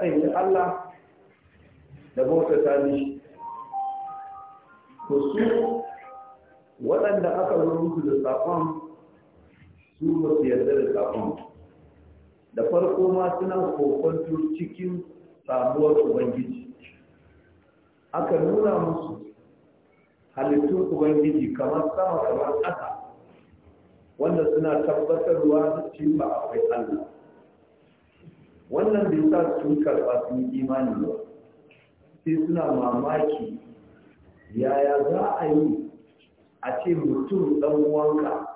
Ka ne Allah da bauta ta mishi ko su waɗanda aka zo da saƙon su ba su yarda da saƙon da farko ma suna kokonto cikin sabuwar ubangiji aka nuna musu halittun ubangiji kamar sama kamar ƙasa wanda suna tabbatarwa da cewa akwai Allah wannan da sa su karɓa sun yi imani ba sai suna mamaki yaya za a yi a ce mutum ɗan uwanka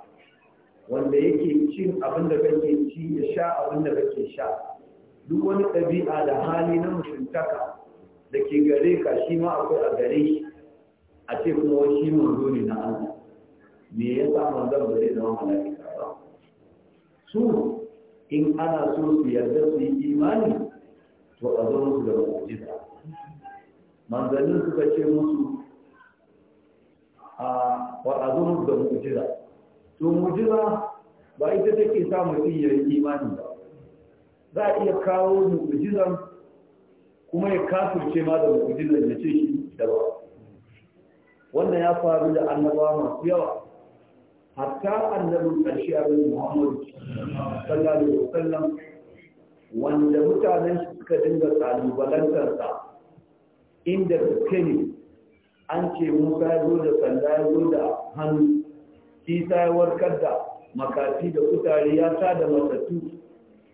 wanda yake cin abin da kake ci ya sha abin da kake sha duk wani ɗabi'a da hali na mutuntaka da ke gare ka shi ma akwai a gare shi a ce kuma wani shi manzo ne na Allah me yasa manzon ba zai zama mala'ika ba su in ana so su yarda su yi imani to a zo musu da mu'jiza manzannin suka ce musu a wa a zo musu da mu'jiza to mu'jiza ba ita take sa mutum ya imani ba za a iya kawo mu'jizan kuma ya kafirce ma da mu'jizan ya ce shi da ba wannan ya faru da annabawa masu yawa hatta annabin ƙarshe a wani muhammadu sallallahu alaihi wasallam wanda mutanen shi suka dinga kalubalantarsa inda suke ne an ce musa ya zo da sanda ya zo da hannu isa ya warkar da makafi da kutare ya sa da matattu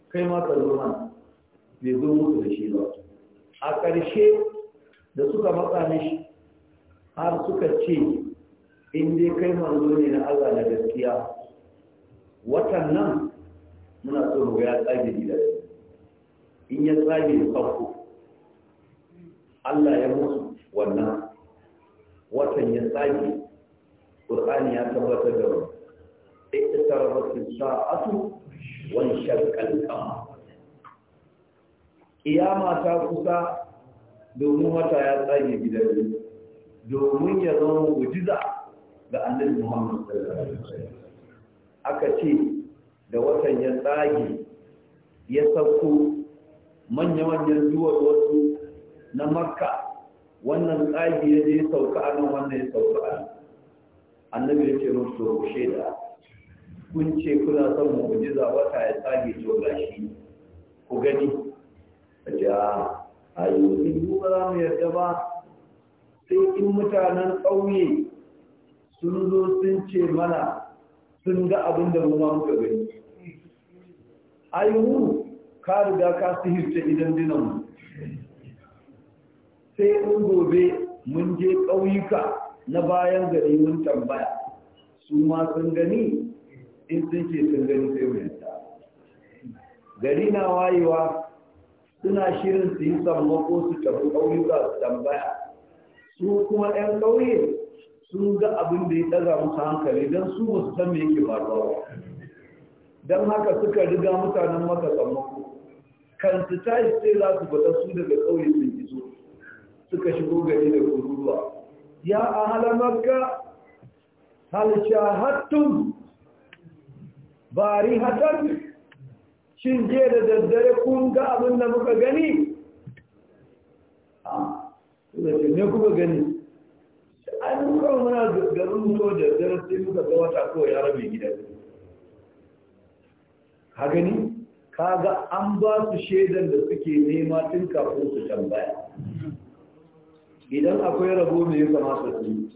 kai ma ka zo bai zo musu da shi ba a ƙarshe da suka matsa mishi har suka ce in dai kai manzo ne na Allah da gaskiya watan nan muna so mu ga tsage gida in ya tsage da farko Allah ya musu wannan watan ya tsage Qur'ani ya tabbatar da sa'atu wal الساعة وانشق kiyama ta kusa domin wata ya tsage gidan domin ya zama mu'jiza ga annabi Muhammad sallallahu alaihi wasallam aka ce da watan ya tsage ya sauko manya-manyan zuwar wasu na makka wannan tsage ya je ya sauka a nan wannan ya sauka a nan annabi ya ce musu shaida kun ce kuna son mu'jiza wata ya tsage to gashi ku gani ja ayo ni ba yarda ba sai in mutanen ƙauye sun zo sun ce mana sun ga abin da mu ma muka gani ai ka riga ka sihirce idan dinan sai in gobe mun je ƙauyuka na bayan gari mun tambaya su ma sun gani in sun ce sun gani sai mu yanta gari na wayewa suna shirin su yi sammako su tafi ƙauyuka su tambaya su kuma 'yan ƙauye sun ga abin da ya ɗaga musu hankali don su ba su san me yake faruwa don haka suka riga mutanen maka sammako kan su yi sai za su bata su daga ƙauye sun iso suka shigo gari da kururuwa ya ahala makka hal shahattum bari hatan shin je da daddare kun ga abin da muka gani a ne kuka gani garin mutu da sai muka ga wata kawai ya rabe gida ka gani kaga an ba su shaidan da suke nema tun kafin su tambaya idan akwai rabo mai ya kama su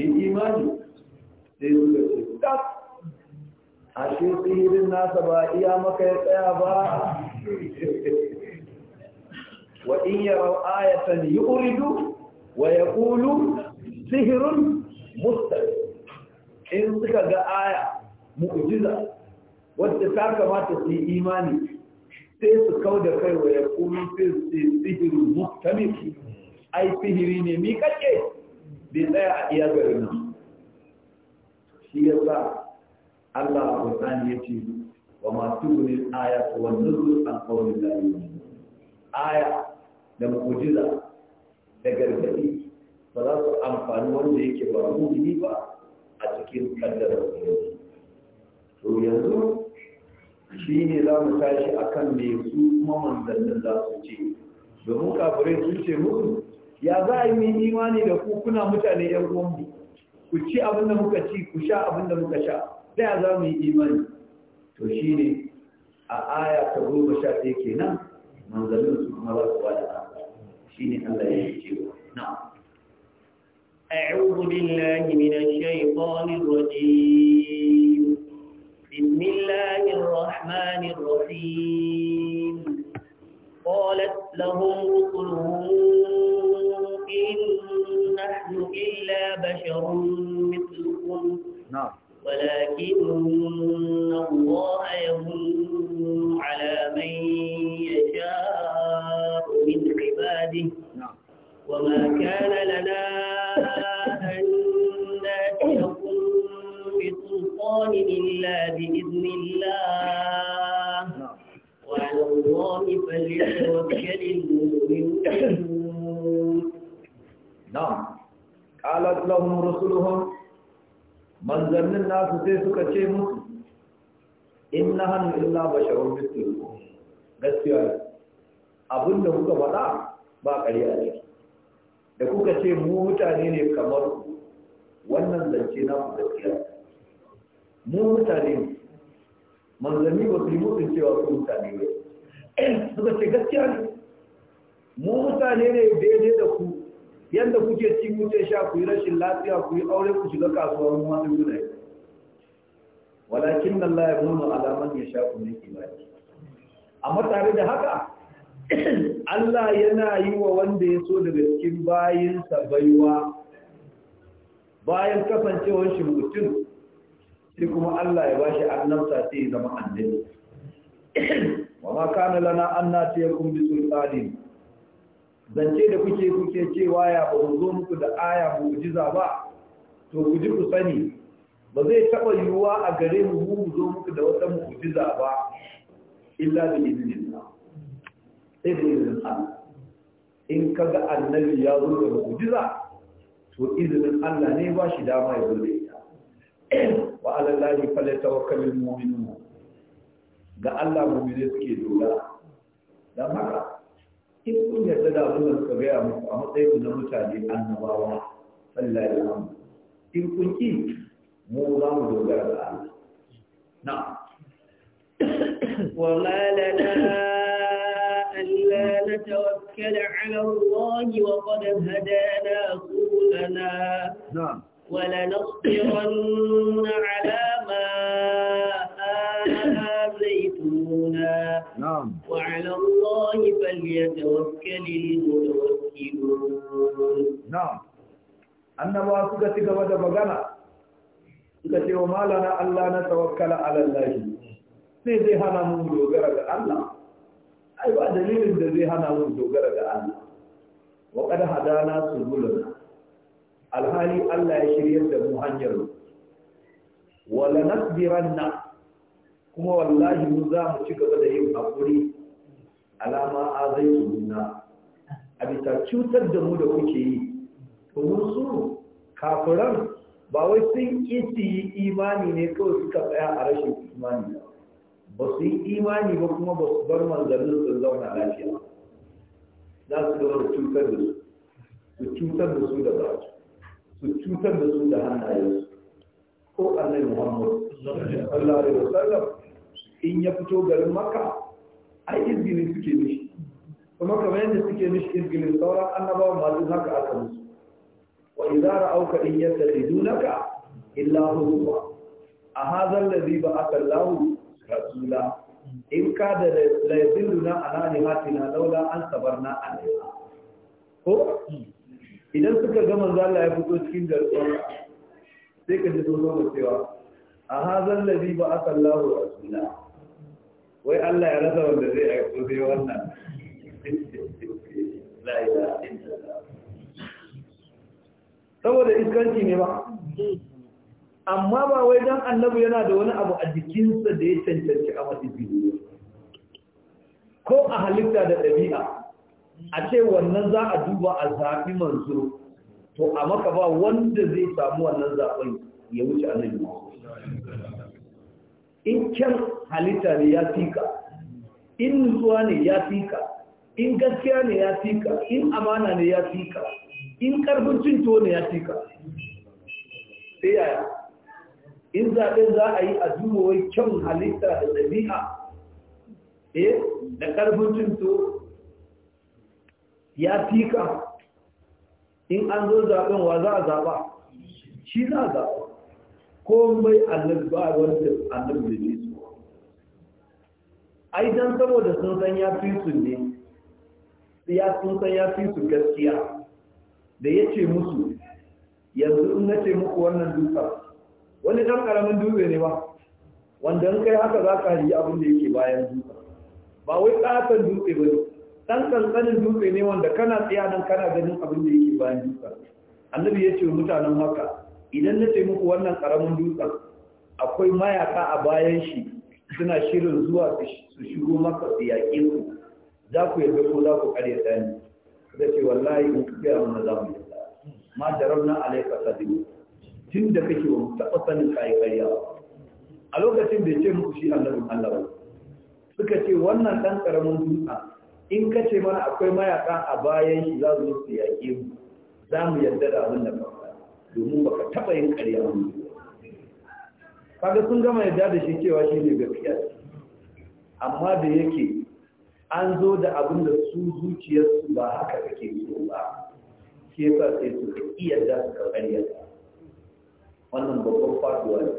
yi imani sai suka ce tak ashe tsirin nasa ba iya maka ya tsaya ba wa in yarau yi uridu wa kulu sihirun mustari in suka ga aya mu'jiza wadda ta kamata su yi imani sai su kau da kai wa ya kuma sai su ce ai sihiri ne mi kake bai tsaya a iya garin nan shi ya sa Allah a Qur'ani ya ce wa masu gunin aya wa nuzul an qawli la yu'minun aya da mu'jiza da gargadi ba za su amfani wanda yake ba mu'mini ba a cikin kaddara ubangiji to yanzu shi ne za mu tashi a kan me su kuma manzannin za su ce domin kafirai sun ce mutu ya za a yi imani da ku kuna mutane yan uwanmu ku ci abin da muka ci ku sha abin da muka sha da ya za mu yi imani to shi ne a aya ta goma sha ɗaya kenan manzannin su kuma za su ba da shi ne Allah ya yi wa na'am أعوذ بالله من الشيطان الرجيم بسم الله الرحمن الرحيم قالت لهم رسلهم إن نحن إلا بشر مثلكم نعم. ولكن الله يمن على من يشاء من عباده نعم. وما كان لنا الله إلا بإذن الله وعلى الله فليتوكل المؤمنون نعم قالت لهم رسلهم من ظن الناس سيسك إلا بشر مثلكم gaskiya abin da kuka faɗa ba ƙarya ne da kuka ce mu mutane ne kamar wannan zance na gaskiya mu mutane ne, manzanni ba su yi mutum cewa su mutane ba suka ce gaskiya ne mu mutane ne daidai da ku yadda kuke ci mutum sha ku yi rashin lafiya ku yi aure ku shiga kasuwa mu masu guda walakin nan ya nuna alaman ya sha ku ne kimani amma tare da haka Allah yana yi wa wanda ya so daga cikin bayinsa baiwa bayan kasancewar shi mutum sai kuma Allah ya bashi annabta sai ya zama annabi wa ma kana lana an natiyakum bi sultanin zance da kuke kuke cewa ya ba mu zo muku da aya mu'jiza ba to ku ji ku sani ba zai taba yiwuwa a gare mu mu zo muku da wata mu'jiza ba illa bi idnillah sai da izinin in kaga annabi ya zo da mu'jiza to izinin Allah ne ba shi dama ya zo da wa ala lahi falyatawakkalul mu'minun ga Allah mu'mini suke dola, dan haka in kun yarda da abin da suka gaya muku a matsayin na mutane annabawa sallallahu alaihi wasallam in kun ki mu za mu dogara da Allah na wa ma lana ألا نتوكل على الله وقد هدانا سبلنا نعم ولنصبرن على ما آذيتونا نعم وعلى الله فليتوكل المتوكلون نعم أن ما تقتل قد بغنى تقتل ما لنا ألا نتوكل على الله سيدي هنا منذ غرق الله أيوة دليل الذي هنا منذ غرق الله وقد هدانا سبلنا alhali Allah ya shiryar da mu hanyar wala nasbiranna kuma wallahi mu za mu ci gaba da yin hakuri alama azaituna a bisa cutar da mu da kuke yi mun su kafiran ba wai sun ƙi yi imani ne kawai suka tsaya a rashin imani ba su yi imani ba kuma ba su bar manzannin su zauna lafiya za su gaba da cutar da su cutar da su da ba su su cutar da su da su ko annabi muhammad sallallahu alaihi wasallam in ya fito garin maka ai izgilin suke mishi kuma kamar yadda suke mishi izgilin sauran annabawa masu haka aka musu wa idza ra'awka in yattakhidunaka illa huwa a hadha alladhi ba'atha Allah rasula in ka da la yadilluna ala nihatina laula an sabarna alaiha ko idan suka gama manzo Allah ya fito cikin garkuwa sai ka ji dozo cewa a hazan ladhi ba akallahu rasula wai Allah ya rasa wanda zai aiko sai wannan saboda iskanci ne ba amma ba wai dan annabi yana da wani abu a jikinsa da ya cancanci a matsayin ko a halitta da ɗabi'a a ce wannan za a duba a zaɓi manzo to a maka ba wanda zai samu wannan zaɓen ya wuce a nan in kyan halitta ne ya fika in nutsuwa ne ya fika in gaskiya ne ya fika in amana ne ya fika in karfin cinto ne ya fika sai yaya in zaɓen za a yi a duba wai kyan halitta da ɗabi'a eh da karfin cinto ya fi ka in an zo zaɓen wa za a zaɓa shi za a zaɓa ko mai annabi ba wanda annabi da ne su ai don saboda sun san ya fi su ne ya sun san ya fi su gaskiya da ya ce musu yanzu in na ce muku wannan dusa wani ɗan ƙaramin dube ne ba wanda in kai haka za ka yi abin da yake bayan dusa ba wai ƙaton dutse ba ne dan kankanin dutse ne wanda kana tsaya nan kana ganin abin da yake bayan dutsen annabi ya ce mutanen haka idan na ce muku wannan karamin dutsen akwai mayaka a bayan shi suna shirin zuwa su shigo maka su yaƙe ku za ku yarda ko za ku karya tsani da ce wallahi in ku gaya mana za mu yarda ma jarabna alaika sadiq tun da kake wa taɓa sanin kayi karya a lokacin da ya ce muku shi annabin Allah suka ce wannan ɗan ƙaramin dutsen in ka ce mana akwai mayaka a bayan shi za su su yaƙi za mu yarda da abin da ka domin ba ka taɓa yin ƙarya mu kaga sun gama yarda da shi cewa shi ne gaskiya amma da yake an zo da abin da su zuciyarsu ba haka kake so ba ke sa sai su iya da su karɓar wannan babban faduwa ne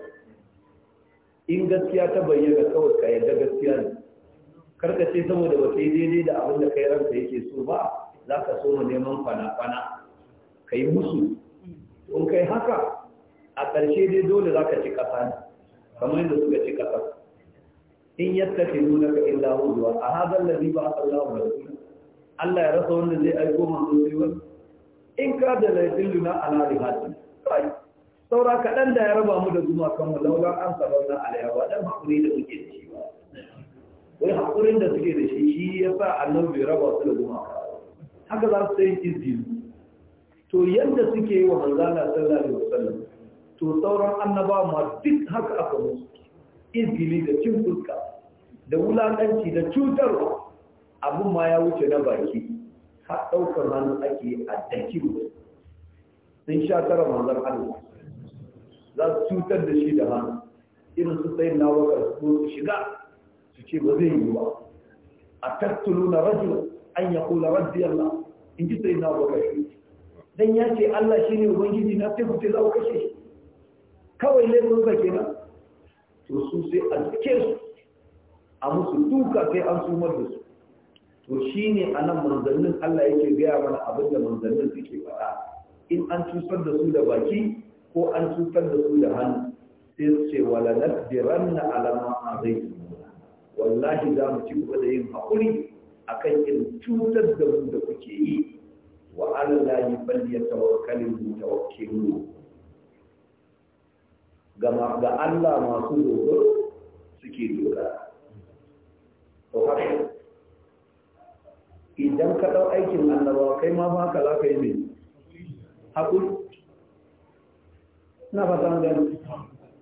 in gaskiya ta bayyana kawai ka yarda gaskiya ne karkace saboda ba yi daidai da abin da kai ranka yake so ba za ka so neman kwana-kwana ka yi musu in kai haka a ƙarshe dai dole za ka ci ƙasa ne kamar yadda suka ci ƙasa in yadda ke nuna ka illa zuwa, a hazar lazi ba a sallahu da su Allah ya rasa wanda zai aiko masu tsiwon in ka da laifin luna a nari hajji saura kaɗan da ya raba mu da kan mu laula an sabar na alayawa dan hakuri da muke ci ba wai haƙurin da suke da shi shi ya sa annan bai raba su da gumaka haka za su sai izini to yadda suke yi wa manzana sallallahu alaihi wasallam to sauran annaba ma duk haka aka musu izini da cin fuska da wulaƙanci da cutarwa abin ma ya wuce na baki har ɗaukar hannu ake a daki sun sha tara manzan Allah za su cutar da shi da hannu irin su tsayin na wakar su shiga ce ba zai yi ba a tattulu na rajul an ya kula rabbi Allah in ji sai na bakari dan ya ce Allah ne ubangiji na sai ku za ku kashe Kawai kawai laifin sa kenan to su sai a dake su a musu duka sai an sumar da su to shine anan manzannin Allah yake gaya mana abin da manzannin suke faɗa in an cutar da su da baki ko an cutar da su da hannu sai su ce wala nasbiranna ala ma azaytum wallahi za mu ci gaba da yin haƙuri kan yin cutar da mu da kuke yi wa Allah ya balli ya tawakkalin mu gama ga Allah masu dogaro suke dogara to haka idan ka ɗau aikin annabawa kai ma ba ka za ka yi ne haƙuri na fata gani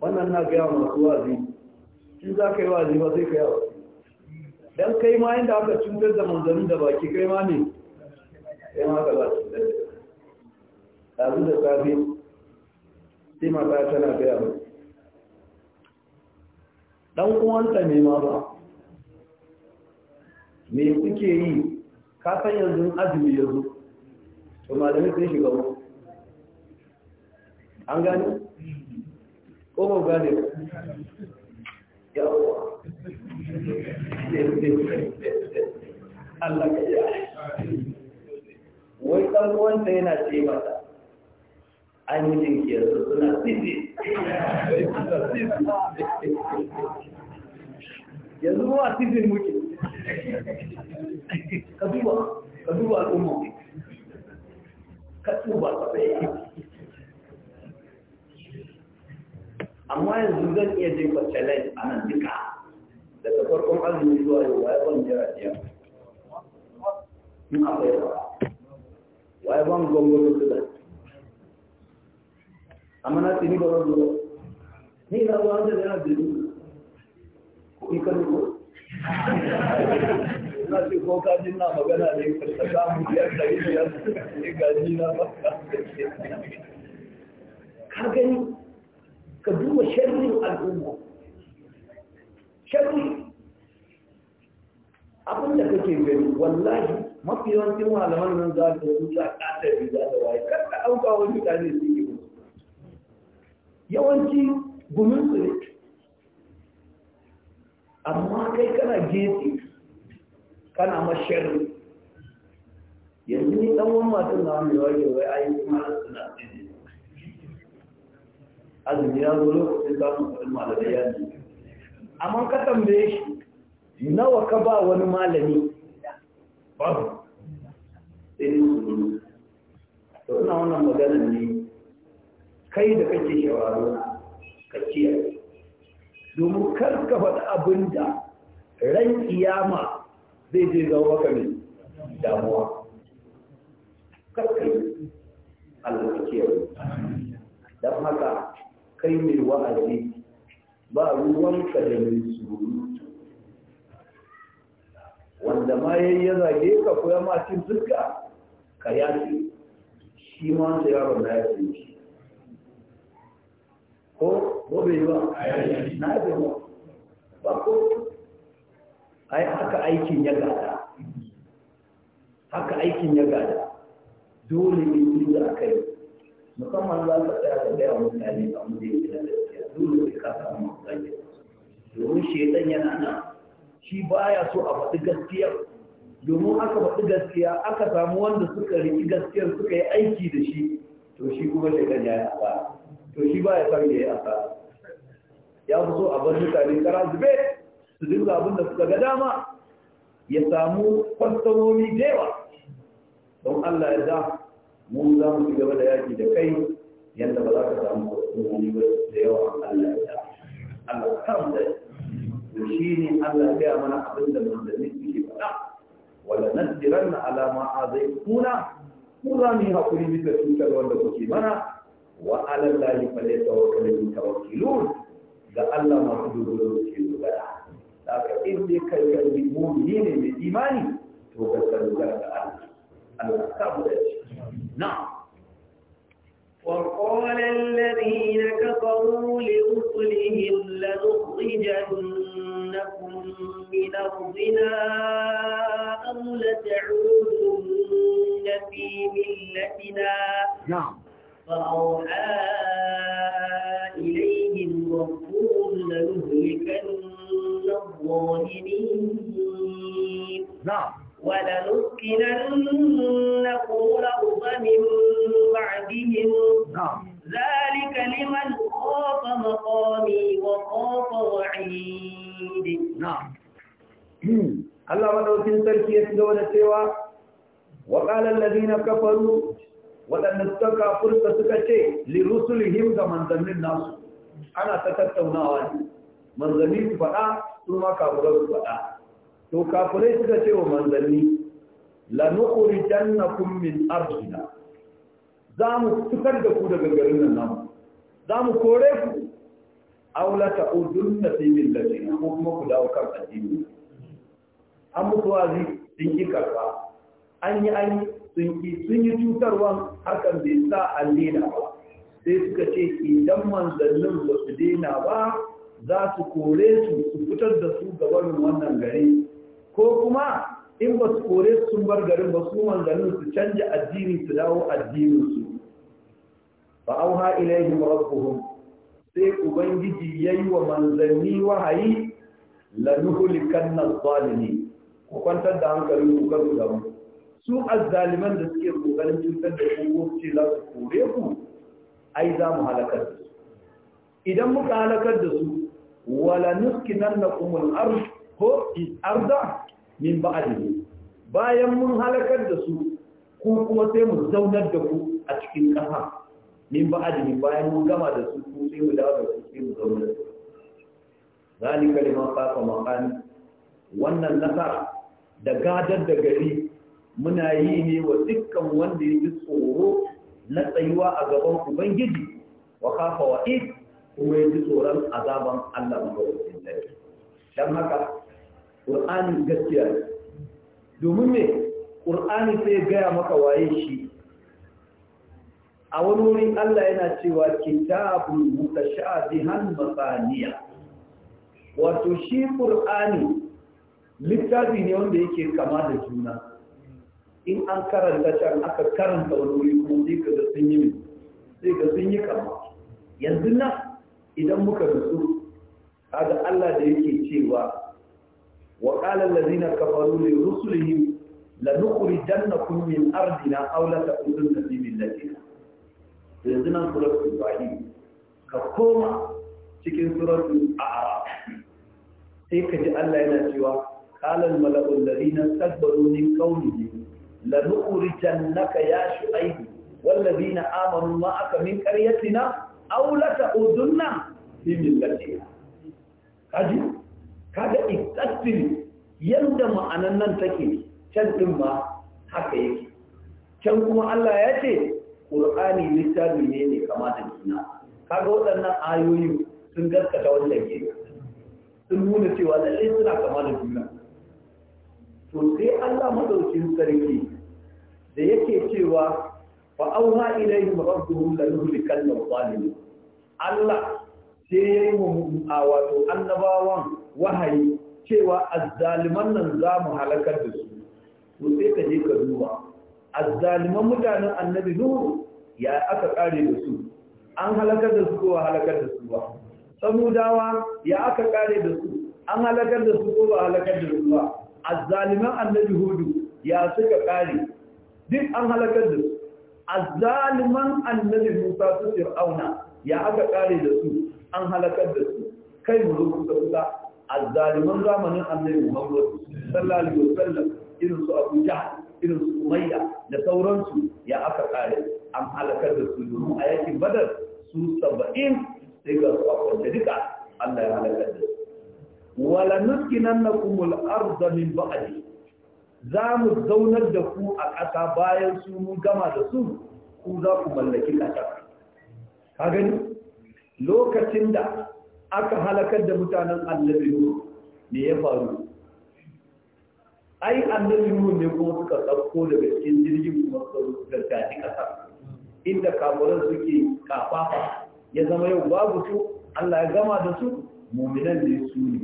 wannan na gaya masu wazi shi za ka yi wa ba sai ka yawa don kai ma da aka cutar da manzannin da baki kai ma ne kai ma ka ba su da ɗazu da safe sai mata tana gaya ba ɗan kuwanta ne ma ba me kuke yi ka san yanzu azumi ya zo to malamai sai shiga mu an gani. ko ba gane yawa Allah ka wai ɗan wanda yana ce mata an yi jinkiyar su suna sisi yanzu ruwa sisi muke ka duba ka duba al'umma ka duba ka bayyana amma yanzu zan iya jefa challenge a nan duka daga farkon azumi zuwa yau waye ban jira jiya in akwai yawa waye ban gongoro su da amma na tuni ba zan ni na zuwa wanda yana jiri kuɗi kan ko na ce ko kajin na magana ne ka samu biyar da yi biyar ne gaji na ba ka gani ka duba sharrin al'umma sharri abin da kake gani wallahi mafi yawancin malaman nan za su rubuta a ƙasar za da waye kar ka auka wani mutane su yi yawanci gumin su ne amma kai kana gefe kana masharri yanzu ni ɗan wani matan na wani yawai yawai yi kuma na. azumi ya zo lokacin samun kuɗin malamai ya ne amma ka tambaye shi nawa ka ba wani malami babu sai ne su to ina wannan magana ne kai da kake shawaro ka kiyaye domin kar ka faɗi abin da ran kiyama zai je zama waka ne damuwa kar ka yi Allah ka kiyaye don haka kai mai wa'azi ba ruwanka da mai surutu wanda ma yayi ya zage ka ko ya ma cin fuska ka yaki, shi ma wanda ya ba ya ce shi ko ko bai ba na ce ba ba ko ai haka aikin ya gada haka aikin ya gada dole ne da aka yi musamman za ka tsaya ka gaya mutane a mu zai gina gaskiya dole sai ka samu mutane domin shaitan yana nan shi baya so a faɗi gaskiya domin aka faɗi gaskiya aka samu wanda suka riƙi gaskiyar suka yi aiki da shi to shi kuma shaitan ya yi asara to shi baya son ya yi asara ya fi so a bar mutane kara zube su dinga abin da suka ga dama ya samu kwastomomi da yawa don Allah ya za mu za mu ci gaba da yaki da kai yadda ba za ka samu kuɗi ba da yawa Allah ya Allah kan da shi ne Allah ya mana abin da manzanni suke faɗa wala alama ala ma azaituna mu za mu yi hakuri bisa cutar wanda kuke mana wa ala lahi falyatawakkalul mutawakkilun ga Allah masu dogaro ke dogara da ka in dai kai kan mu'mini ne mai imani to ka dogara ga Allah نعم وقال الذين كفروا لرسلهم لنخرجنكم من أرضنا أو لتعودن في ملتنا نعم فأوحى إليهم ربهم لنهلكن الظالمين نعم ولنسكننكم الأرض من بعدهم ذلك لمن خاف مقامي وخاف وعيد نعم الله مدوكين تركي يسجون السوا وقال الذين كفروا ولن نتكى فرصة سكتي لرسلهم كمن ظن الناس أنا تكتونا من ظنين فقا ثم كابروا فقا to kafirai suka ce wa manzanni lanukhrijannakum min ardina za mu fitar da ku daga garin nan namu za mu kore ku ta udun ta'udunna fi ko kuma ku dawo kan addini an mutu wazi sun ki karfa an yi an yi sun ki sun yi cutarwa hakan bai sa an ba sai suka ce idan manzannin ba su daina ba za su kore su su fitar da su gaban wannan gari ko kuma in ba su kore su sun bar garin ba su manzannin su canja addini su dawo addinin su fa auha ilaihim rabbuhum sai ubangiji yayi wa manzanni wahayi lanuhlikan zalimi ku kwantar da hankali ku ga da mu su azzaliman da suke kokarin cutar da ku ce za su kore ku ai za mu halakar su idan muka halakar da su wala nuskinan na kumul arsh ko arda min ba'dihi bayan mun halakar da su ku kuma sai mu zaunar da ku a cikin ƙasa min ba'dihi bayan mun gama da su ku sai mu dawo da su, sai mu zaunar da ku zalika liman qafa maqami wannan nasara da gadar da gari muna yi ne wa dukkan wanda ya ji tsoro na tsayuwa a gaban Ubangiji wa kafa wa'id, kuma ya ji tsoron azaban Allah ga wajen Don haka ƙur'anin gaskiya domin me ƙur'ani sai gaya maka waye shi a wani wuri Allah yana cewa kitabul mutashabihan masaniya wato shi ƙur'ani littafi ne wanda yake kama da juna in an karanta can aka karanta wani wuri kuma sai ka sun yi sai ga sun yi kama yanzu na idan muka rasu kaga Allah da yake cewa wa qala allazina kafaru li rusulihim lanukhrijannakum min ardina aw la taqudunna fi millatina yanzu nan suratul ibrahim ka koma cikin suratul a'raf sai ka ji Allah yana cewa qala al mala'u allazina istakbaru min qawlihi lanukhrijannaka ya shu'aib والذين آمنوا معك من قريتنا أو لتعودن في ملتنا أجل kaga iqtasir yanda ma'anan nan take can din ma haka yake can kuma Allah ya ce Qur'ani littafi ne ne kama da juna kaga waɗannan ayoyi sun gaskata wannan ke sun nuna cewa lallai suna kama da juna to sai Allah madaukin sarki da yake cewa fa auha ilayhim rabbuhum la yuhlikal zalimin Allah sai ya yi wa annabawan wahayi cewa azzaliman nan za mu halakar da su to sai ka je ka duba azzaliman mutanen annabi nuhu ya aka kare da su an halakar da su ko ba halakar da su ba samudawa ya aka kare da su an halakar da su ko ba halakar da su ba azzaliman annabi hudu ya suka kare duk an halakar da su azzaliman annabi musa su fir'auna ya aka kare da su an halakar da su kai mu zo kusa azzaliman zamanin annabi Muhammad sallallahu alaihi wasallam irin su Abu Jahl irin su Umayya da sauransu ya aka kare an halakar da su domin a yakin Badar su 70 sai ga su a kwance duka Allah ya halakar da su wala nuskinannakum al-ardha min ba'di za mu zaunar da ku a ƙasa bayan su mun gama da su ku za ku mallaki ƙasa ka gani lokacin da aka halakar da mutanen annabi nuhu me ya faru ai annabi nuhu ne kuma suka ɗauko daga cikin jirgin kuma suka ƙasar inda kafara suke kafafa ya zama yau babu su Allah ya gama da su muminan ne su ne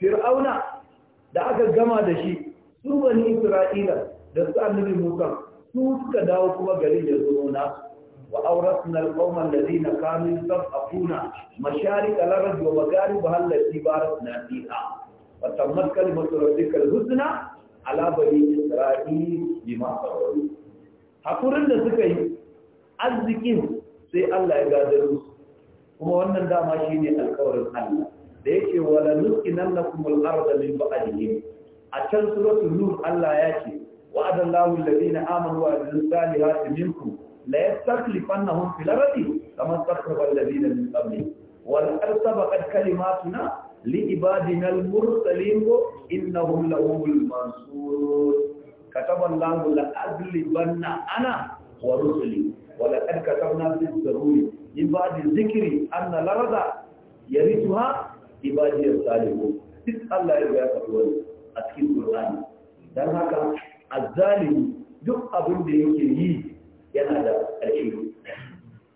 fir'auna da aka gama da shi su bani isra'ila da su annabi musa su suka dawo kuma garin ya zo nasu وأورثنا القوم الذين كانوا يستضعفون مشارق الأرض ومغاربها التي باركنا فيها وتمت كلمة ربك الحسنى على بني إسرائيل بما صبروا hakurin da suka yi arzikin sai Allah ya gadar kuma wannan dama shi ne alƙawarin Allah da yake wala nuskinannakum al arda min ba'dihim a can suratul nur Allah ya ce wa'adallahu alladhina amanu wa amilus salihati minkum لا يستكلفنهم في الأرض كما استخلف الذين من قبل والأرض سبقت كلماتنا لعبادنا المرسلين إنهم لهم المنصور كتب الله لأغلبن أنا ورسلي ولقد كتبنا في الزبور من بعد الذكر أن الأرض يرثها عبادي الظالمون duk الله ya ya faɗi القرآن a cikin Qur'ani dan haka azzalimi duk abin da yake yi yana da ƙarshe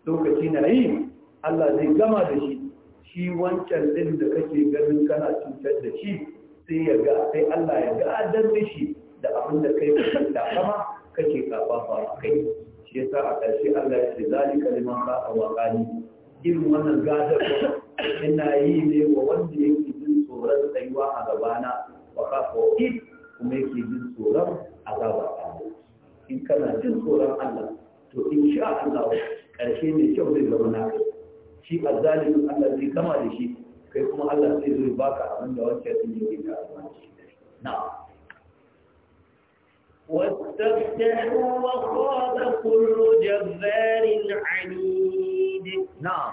lokaci na yi Allah zai gama da shi shi wancan ɗin da kake ganin kana cutar da shi sai ya ga sai Allah ya ga adar shi. da abin da kai mutum da kama kake kafafa kai shi yasa a ƙarshe Allah ya ce zalika liman ka awaqani irin wannan gadar ina yi ne wa wanda yake jin tsoron tsayuwa a gabana wa kafa kuma yake jin tsoron azaba in kana jin tsoron Allah to in sha Allah ƙarshe ne kyau zai zama na shi azzalimin Allah zai kama da shi kai kuma Allah zai zo baka abin da wancan din yake ka na'am واستفتحوا وخاب كل جبار عنيد نعم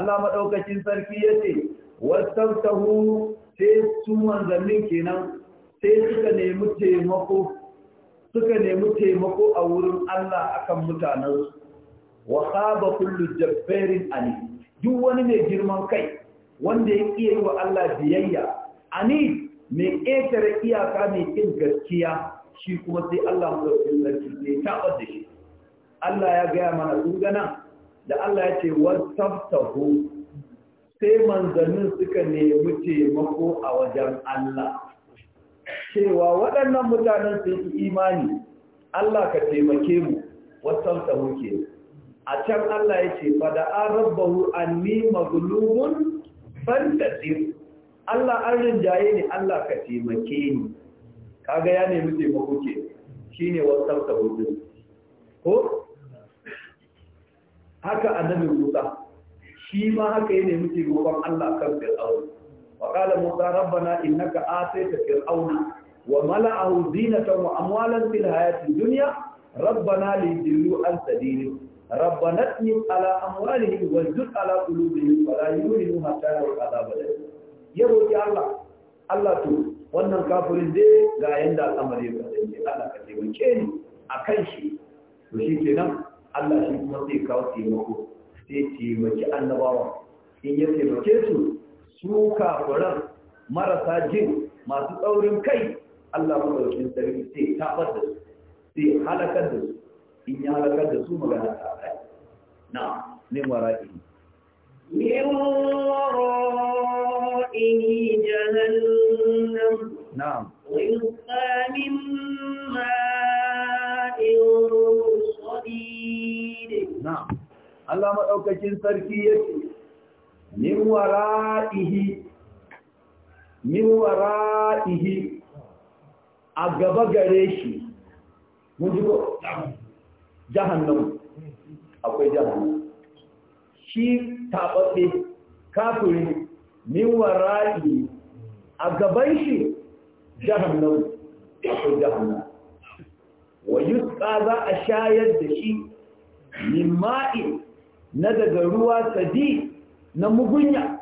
الله مدوكacin sarki yace wastaftahuu sai su manzannin kenan sai suka nemi taimako suka nemi taimako a wurin Allah akan mutanen wa khaba kullu jabbarin ani duk wani mai girman kai wanda ya iya yi wa Allah biyayya ani mai ƙetare iyaka mai kin gaskiya shi kuma sai Allah mu da sai ta da shi Allah ya gaya mana dungana da Allah ya ce wasaftahu sai manzannin suka nemi taimako a wajen Allah cewa waɗannan mutanen sun yi imani Allah ka taimake mu wasan sahu huke a can Allah ya ce fa da an rabbahu anni maglubun fantasir Allah an rinjaye ni Allah ka taimake ni kaga ya nemi taimako ke shine wasan huke ko haka annabi Musa shi ma haka ya nemi taimakon Allah kan Fir'aun wa qala Musa rabbana innaka ataita fir'auna وملأه زينة وأموالا في الحياة الدنيا ربنا ليضلوا عن سبيلك ربنا اتمم على أموالهم وازدد على قلوبهم فلا يؤمنوا حتى يروا عذاب الأليم ya roƙi Allah Allah to wannan kafirin dai ga yanda al'amari ya kasance Allah ka taimake ni a kan shi to shi kenan Allah shi kuma kawo taimako sai taimaki annabawa in ya taimake su su kafiran marasa jin masu tsaurin kai Allah madaukakin sarki sai kafar da su sai halakar da su in ya halakar da su magana ta kai na min wara'i min wara'i jahannam na'am wa yusqa min ma'in sadid na'am Allah madaukakin sarki yace min wara'ihi min wara'ihi a gaba gare shi mun ji ko jahannam akwai jahannam shi taɓaɓe kafiri min wara'i a gaban shi jahannam akwai jahannam wa yusqa za a shayar da shi min ma'i na daga ruwa sadi na mugunya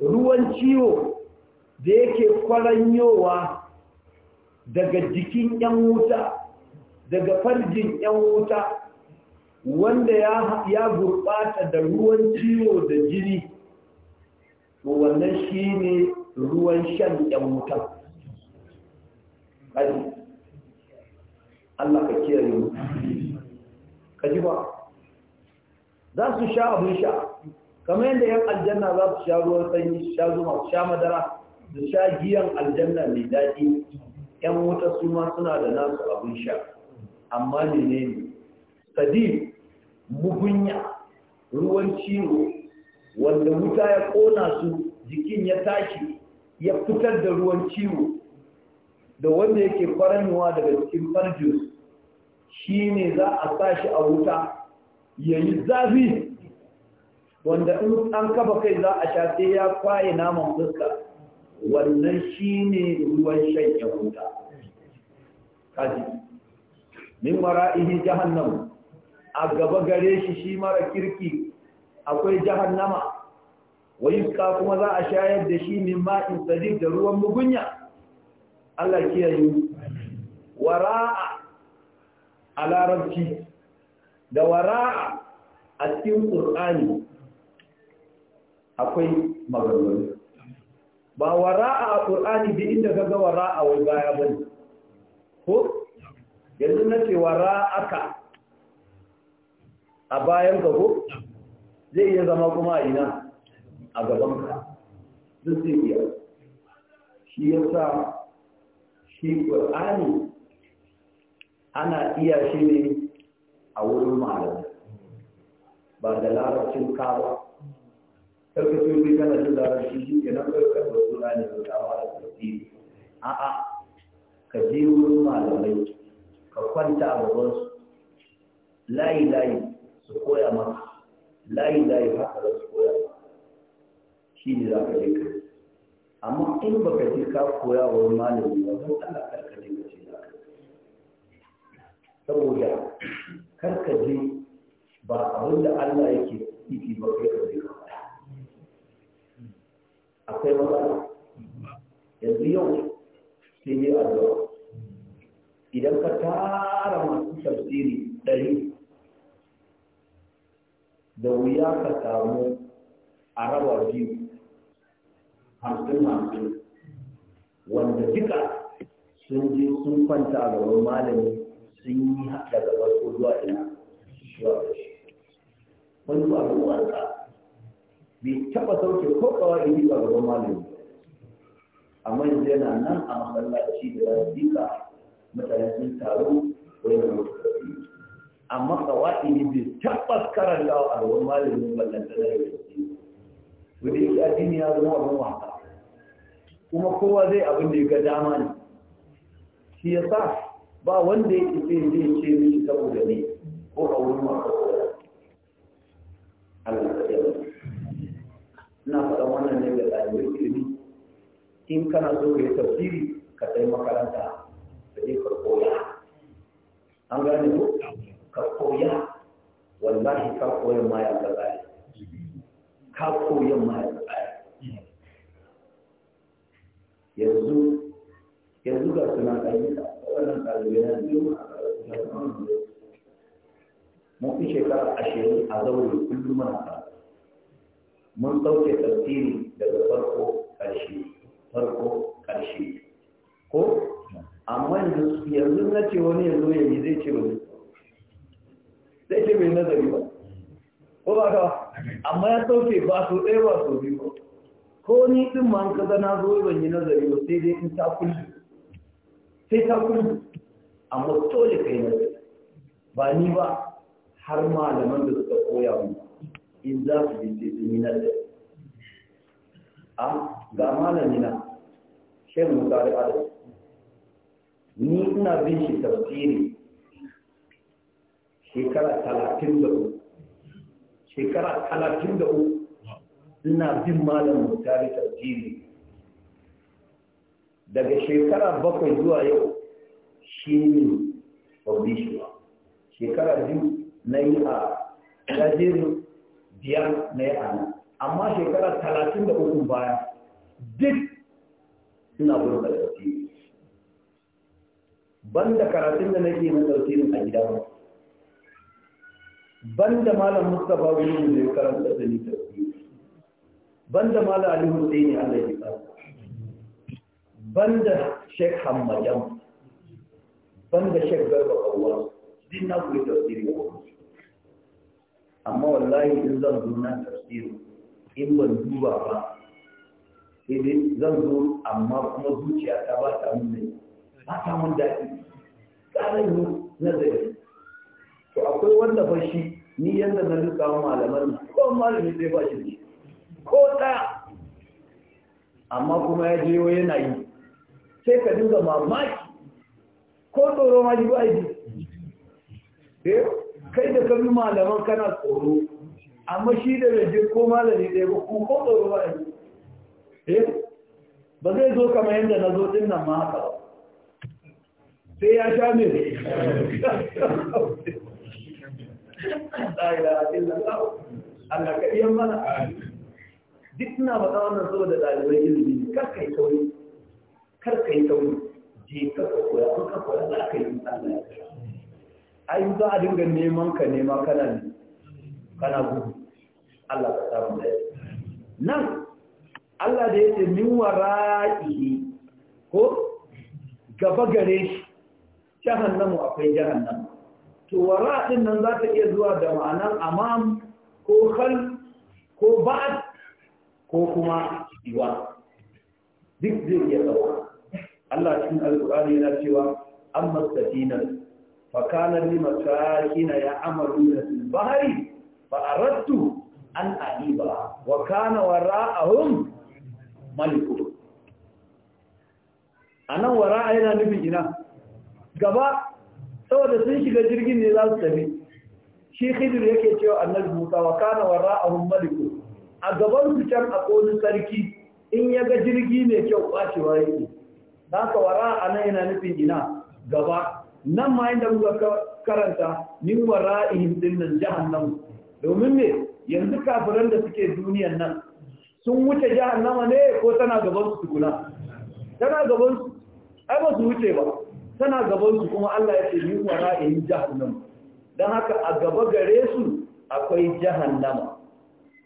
ruwan ciwo da yake kwaranyowa daga jikin ‘yan wuta daga farjin ‘yan wuta wanda ya gurɓata da ruwan ciwo da jini to wannan shi ne ruwan shan ‘yan wuta Allah ka kiyaye mu ka ji ba za su sha abin sha kamar yadda yan aljanna za su sha ruwan sanyi sha zuma sha madara su sha giyan aljanna mai daɗi yan wuta su ma suna da nasu abin sha amma ne ne sadi mugunya ruwan ciwo wanda wuta ya kona su jikin ya tashi ya fitar da ruwan ciwo da wanda yake faranuwa daga cikin farjus shi ne za a sa shi a wuta ya yi zafi wanda in an kafa kai za a sha sai ya kwaye naman fuska wannan shi ne ruwan shan yahuda kaji min ihi jahannam a gaba gare shi shi mara kirki akwai jahannama Wai ka kuma za a shayar da shi min ma'in sadiq da ruwan mugunya Allah kiyaye wara'a a larabci da wara'a a cikin qur'ani akwai maganganu ba wara'a a ƙur'ani bi inda ka ga wara'a wai baya ba ne ko yanzu na ce wara'aka a bayan ka ko zai iya zama kuma a ina a gaban ka duk zai iya shi ya sa shi ƙur'ani ana iya shi ne a wurin malamai ba da larabcin kawo karka so kai kana jin zarar shi shi ke nan kai karɓar suna ne da dawa da tafsiri a'a ka je wurin malamai ka kwanta a gaban layi layi su koya maka layi layi haka da su koya maka shi ne za ka je ka amma in baka je ka koya wa malami ba don Allah karka je ka ce za ka saboda kar ka je ba abin da Allah yake yi ba kai ka je ka akwai matsala yanzu yau sai dai zuwa idan ka tara masu tafsiri ɗari da wuya ka samu a raba biyu hamsin hamsin wanda duka sun je sun kwanta a gaban malami sun yi haɗa gaba ko zuwa ina zuwa ƙarshe wani ba bai taɓa sauke ko kawai yi ba gaban malami amma yanzu yana nan a masallaci da zika mutane sun taru wani da mutu amma kawai ne bai taba karanta a gaban malami ba da zai yi wanda yake addini ya zama abin wasa kuma kowa zai abin da ya ga dama ne shi ya sa ba wanda ya ce zai ce mishi saboda ne ko a wurin wasa Allah ina faɗan wannan ne ga ɗalibai ilimi in kana so ka yi tafsiri ka sai makaranta ka je ka koya an gane ko ka koya wallahi ka koya ma ya ka tsari ka koya ma ya tsari yanzu yanzu ga suna ɗalibai waɗannan ɗalibai na biyu a ƙarƙashin Mun fi shekara ashirin a zaure kullum mana karatu mun sauke tafsiri daga farko ƙarshe farko ƙarshe ko amma yanzu na ce wani yanzu ya yi zai ce ba zai ce bai nazari ba ko ba ka amma ya sauke ba so ɗaya ba so biyu ba ko ni ɗin ma an kaza na zo ban yi nazari ba sai dai in ta kulli sai ta kulli amma dole kai nazari ba ni ba har malaman da suka koya mu in za su bi sai sun da a ga malami na shan mutare a da ni ina bin shi tafsiri shekara talatin da uku shekara talatin da uku ina bin malam mutare tafsiri daga shekara bakwai zuwa yau shi ne shi ba shekara biyu na yi a gajeru biyar na ana amma shekara talatin da uku baya duk suna gudu da ɗauki banda karatun da nake na ɗauki a gida ba banda malam mustapha wani da ya karanta da ni ɗauki banda malam ali hussein allah ya ban banda sheikh hammadan banda sheikh garba kawwa din na gudu da ɗauki amma wallahi in zan zo na tafsiru in ban duba ba sai dai zan zo amma kuma zuciya ta ba ta mun ne ba ta mun daɗi ƙarar yi nazari to akwai wanda ba shi ni yadda na duka malaman ko malami sai ba shi ne ko ɗaya amma kuma ya je yana yi sai ka dinga mamaki ko tsoro ma ji ba ji kai da kabi malaman kana tsoro amma shi da rage ko malami ɗaya ba ko tsoro ba eh ba zai zo kamar yadda na zo din nan ma haka ba sai ya sha mai Allah ka iya mana duk ina faɗa wannan saboda ɗalibai ilimi kar ka yi sauri kar ka yi je ka koya ko ka koya za ka yi ai za a dinga neman ka nema kana ne, kana gudu Allah ka samu da nan Allah da yake min wara'i ko gaba gare shi jahannamu akwai jahannam to wara nan za ta iya zuwa da ma'anan amam ko khal ko ba'd ko kuma iwa duk zai iya tsawa Allah cikin alƙur'ani yana cewa amma safina ya ba فكان لي مساكين يعملون ba البحر فأردت أن أجيبها وكان a nan أنا وراء yana nufin ina gaba saboda sun shiga jirgin ne za su tafi shi khidir yake cewa annabi Musa wa kana wara'ahum maliku a gaban su can a kodi sarki in ya ga jirgi mai kyau kwacewa yake haka wara nan yana nufin ina gaba nan ma inda muka karanta min wara'ihim dinnan jahannam domin me yanzu kafiran da suke duniyan nan sun wuce jahannama ne ko tana gaban su tukuna tana gaban su ai ba su wuce ba tana gaban su kuma Allah ya ce min wara'ihim jahannam dan haka a gaba gare su akwai jahannama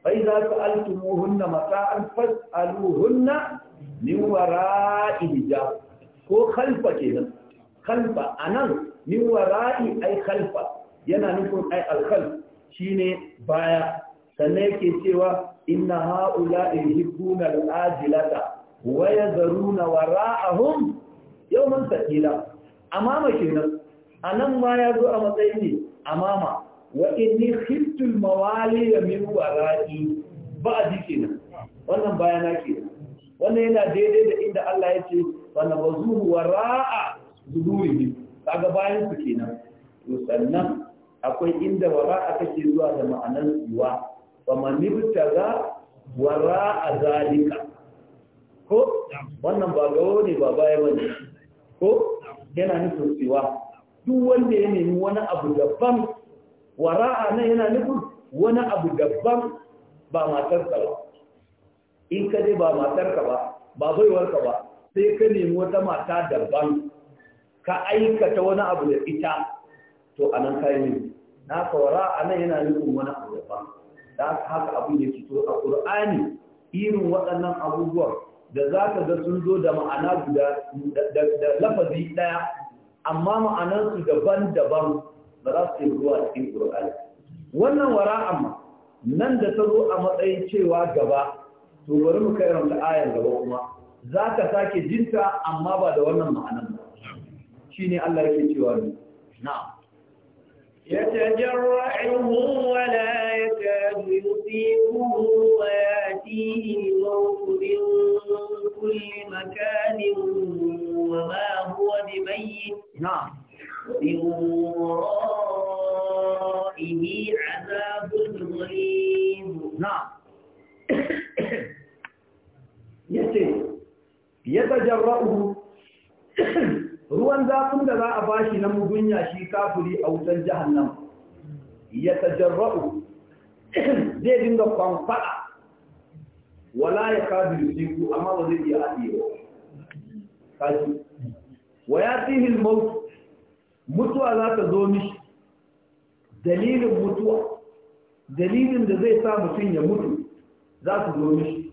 fa za su mata'an fas'aluhunna min wara'ihim ko khalfa kenan khalfa anan min wara'i ai khalfa yana nufin ai alkhal shine baya sannan yake cewa inna ha'ula'i yuhibbuna al'ajilata wa yadharuna wara'ahum yawman thaqila amama kenan anan ma ya zo a matsayin ne amama wa inni khiftu al-mawali min wara'i ba'di kenan wannan na ke wannan yana daidai da inda Allah ya ce wa nabazuhu wara'a ne kaga bayan su kenan to sannan akwai inda wara'a take zuwa da ma'anar siwa fa man ibtaga wara'a zalika ko wannan ba gawo ne ba baya bane ko yana nufin siwa duk wanda ya nemi wani abu daban wara'a nan yana nufin wani abu daban ba matarka ba in ka dai ba matarka ba ba ka ba sai ka nemi wata mata daban ka aikata wani abu da ita to a nan kayan yi na kawara a nan yana nufin wani abu da ba da haka abin ya fito a ƙur'ani irin waɗannan abubuwan da za ka ga sun zo da ma'ana guda da lafazi ɗaya amma ma'anansu daban-daban ba za su yi ruwa cikin ƙur'ani wannan wara amma nan da ta zo a matsayin cewa gaba to bari mu kai ranta ayan gaba kuma za ka sake jinta amma ba da wannan ma'anan ba شيني الله yake نعم يتجرعه ولا يكاد يصيبه ويأتيه الموت من كل مكان وما هو بميت نعم من ورائه عذاب غليظ نعم يتجرعه ruwan zafin da za a bashi na mugunya shi kafiri a wutan jahannan, ya tajarra'u zai dinga kwamfada wala ya kadu yusiku amma ba zai iya adewa kaji wa ya tihil mautu? mutuwa za ta zo mishi dalilin mutuwa dalilin da zai sa mutum ya mutu za su zo mishi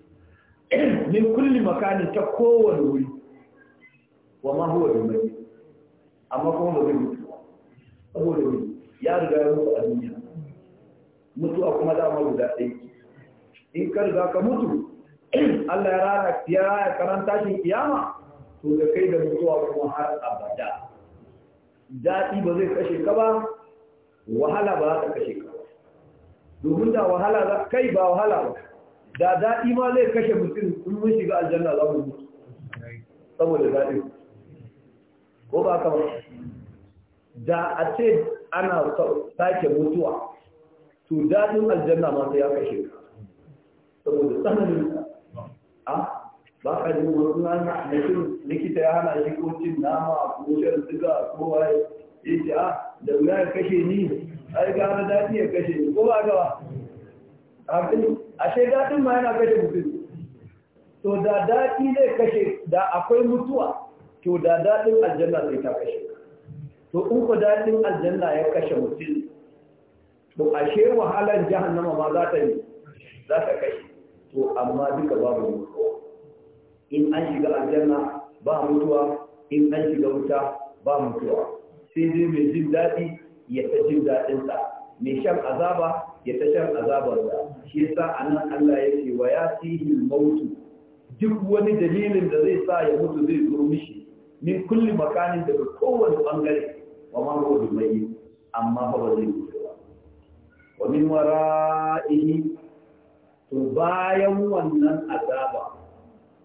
min kulli makanin ta kowane wuri wa ma huwa bi mai amma kuma ba zai mutu ba. saboda ne ya riga ya mutu a duniya mutuwa kuma dama guda ɗaya in ka riga ka mutu Allah ya rana ya rana karanta shi kiyama to da kai da mutuwa kuma har abada daɗi ba zai kashe ka ba wahala ba za ta kashe ka ba domin da wahala za kai ba wahala ba da daɗi ma zai kashe mutum in mun shiga aljanna za mu mutu saboda daɗi ko ba ka ba da a ce ana sake mutuwa to daɗin aljanna ma sai ya kashe ka saboda tsananin ka a ba ka ji wasu na mutum likita ya hana shi ko cin nama ko shan siga ko waye ya ce a da wuya ya kashe ni ai na daɗi ya kashe ni ko ba ba, a ashe daɗin ma yana kashe mutum to da daɗi zai kashe da akwai mutuwa to da daɗin aljanna zai ta kashe to in ku daɗin aljanna ya kashe mutum to ashe wahalar jahannama ma za ta yi za ta kashe to amma duka babu mutuwa in an shiga aljanna ba mutuwa in an shiga wuta ba mutuwa sai dai mai jin daɗi ya ta jin daɗinsa mai shan azaba ya ta shan azabarsa shi yasa anan Allah ya ce wa ya mautu duk wani dalilin da zai sa ya mutu zai zo mishi min kulli makanin daga kowane bangare wa man huwa mai mayyit amma fa ba zai mutu ba wa min wara'ihi to bayan wannan azaba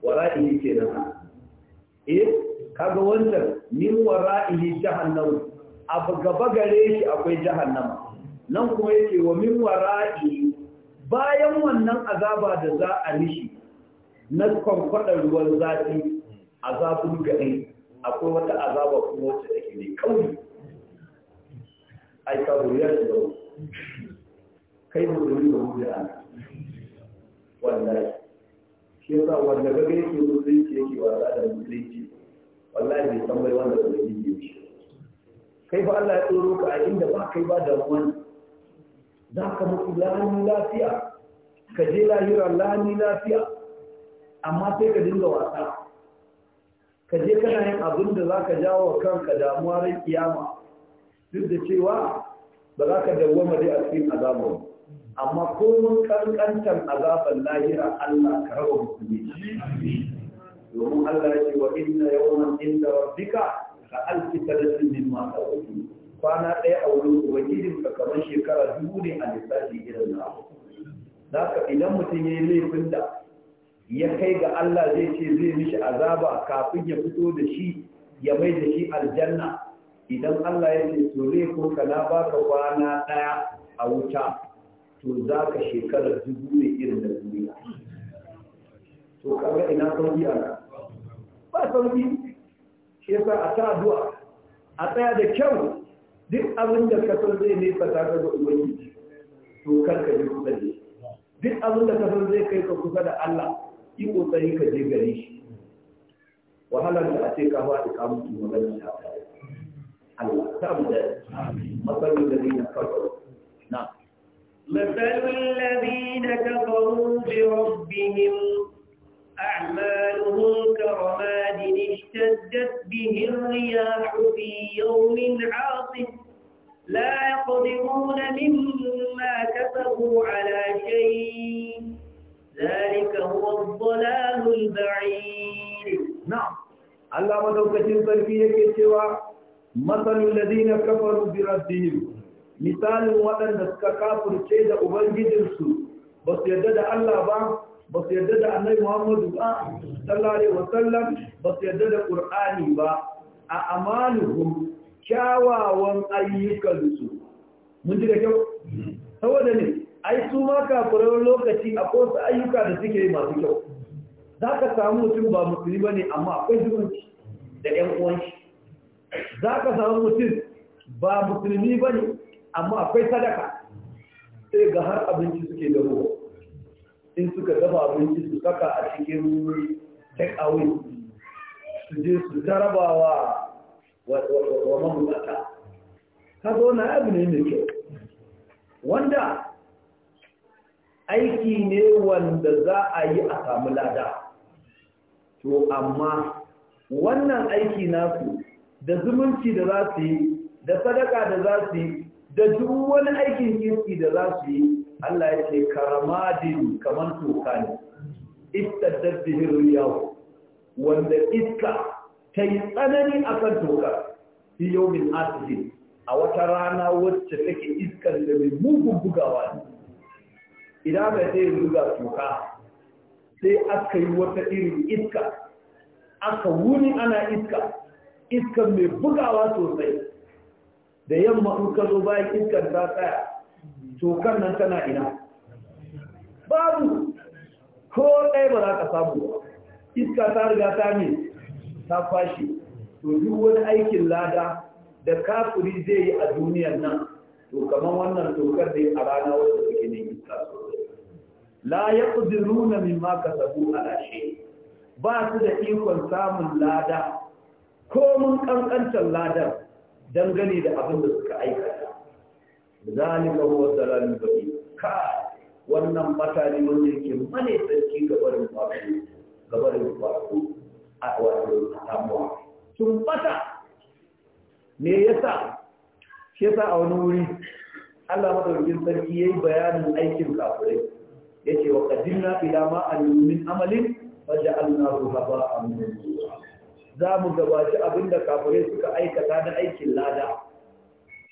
wara'ihi nan eh kaga wannan min wara'ihi jahannam abu gaba gare shi akwai jahannama nan kuma yake wa min wara'ihi bayan wannan azaba da za a mishi na kwankwaɗa ruwan zafi azabun gaɗai akwai wata azaba kuma wacce take mai kauri ai ka buriyar da kai buriyar da buriyar wallahi shi yasa wanda gaga yake musulunci yake wasa da musulunci wallahi bai san bai wanda zai ya shi kai fa Allah ya tsoro ka a inda ba kai ba da wani za ka mutu lani lafiya ka je lahira lani lafiya amma sai ka dinga wasa ka je kana yin abin da za ka jawo kanka damuwa ran kiyama duk da cewa ba za ka dawwama dai a cikin azabar amma komin kankantar azabar lahira Allah ka raba musulmi domin Allah ya ce wa inna yawman inda rabbika ka alfi talatin min ma kwana ɗaya a wurin ubangijin ka kamar shekara dubu ne a lissafi irin na ka idan mutum ya yi laifin da ya kai ga Allah zai ce zai mishi azaba kafin ya fito da shi ya mai da shi aljanna idan Allah ya ce to zai kuka na baka kwana daya a wuta to za ka shekarar dubu ne irin da duniya to kaga ina sauki a ba sauki shi yasa a ta addu'a a tsaya da kyau duk abin da ka san zai nesa ta ga ubangiji to karka ji kusa duk abin da ka san zai kai ka kusa da Allah yi kokari ka je gare shi wahalar da a ce ka faɗi ka mutu magana ta Allah ta mu da matsalolin da zai na farko na مثل الذين كفروا بربهم أعمالهم كرماد اشتدت به الرياح في يوم عاصف لا يقدرون مما كسبوا على شيء ذلك هو الضلال البعيد نعم الله مدوكتين تركيه كتوا مثل الذين كفروا بربهم مثال وطن كافر شيء أبنجدنسو بس يدد الله با بس يدد النبي محمد صلى الله عليه وسلم بس يدد القرآن با أعمالهم كاوا وأيكلسو من ذلك يوم هو ده ai su ma kafirar lokaci akwai wasu ayyuka da suke yi masu kyau za ka samu mutum ba musulmi ba ne amma akwai zumunci da 'yan uwanshi za ka samu mutum ba musulmi ba ne amma akwai sadaka sai ga har abinci suke ruwa in suka dafa abinci su saka a cikin take away su je su jarabawa wa ka zo na abu ne mai kyau wanda aiki ne wanda za a yi a samu lada to amma wannan aiki nasu da zumunci da za su yi da sadaka da za su yi da duk wani aikin kirki da za su yi Allah ya ce karamadin kamar toka ne istaddar bihirin yawo wanda iska ta yi tsanani a kan toka fi yau min a wata rana wacce take iskar da mai mugun bugawa ne idan mai sai ga toka sai aka yi wata irin iska aka wuni ana iska iska mai bugawa sosai da yamma in ka zo bayan iskan ta tsaya tokan nan tana ina babu ko ɗaya ba za ka samu iska ta riga ta ne ta fashe to duk wani aikin lada da kafuri zai yi a duniyar nan to kamar wannan tokar da a rana wata suke ne iska sosai la ƙudiruna mimma sabu a shay ba su da ikon samun lada ko mun kankantar ladar dangane da abin da suka aikata zalika huwa dalalul yi ka wannan matari wanda yake mane sarki gabarin kwaku gabarin kwaku a wato samuwa sun bata me yasa shi yasa a wani wuri Allah madaukakin sarki yayi bayanin aikin kafirai yake wa kadinna ila ma amilu min amalin annahu haba amin za mu gabaci abinda kafare suka aikata na aikin lada